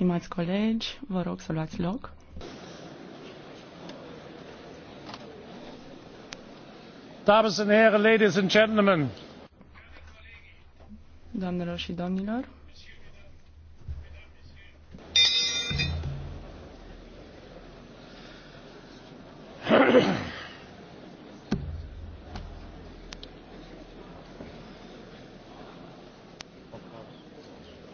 Stimați colegi, vă rog să luați loc. Dames and Herren, ladies and gentlemen. Doamnelor și domnilor. Thank you.